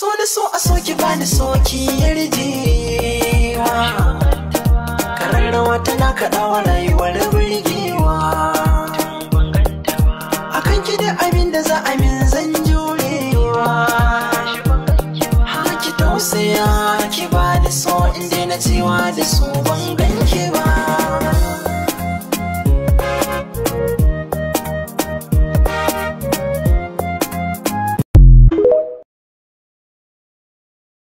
so na so a soki ba na soki yarjewa tana kaɗawa rayuwar birgewa akan ki da abin da za a min zan jurewa haki tausaya ki ba da so in daina cewa da so ban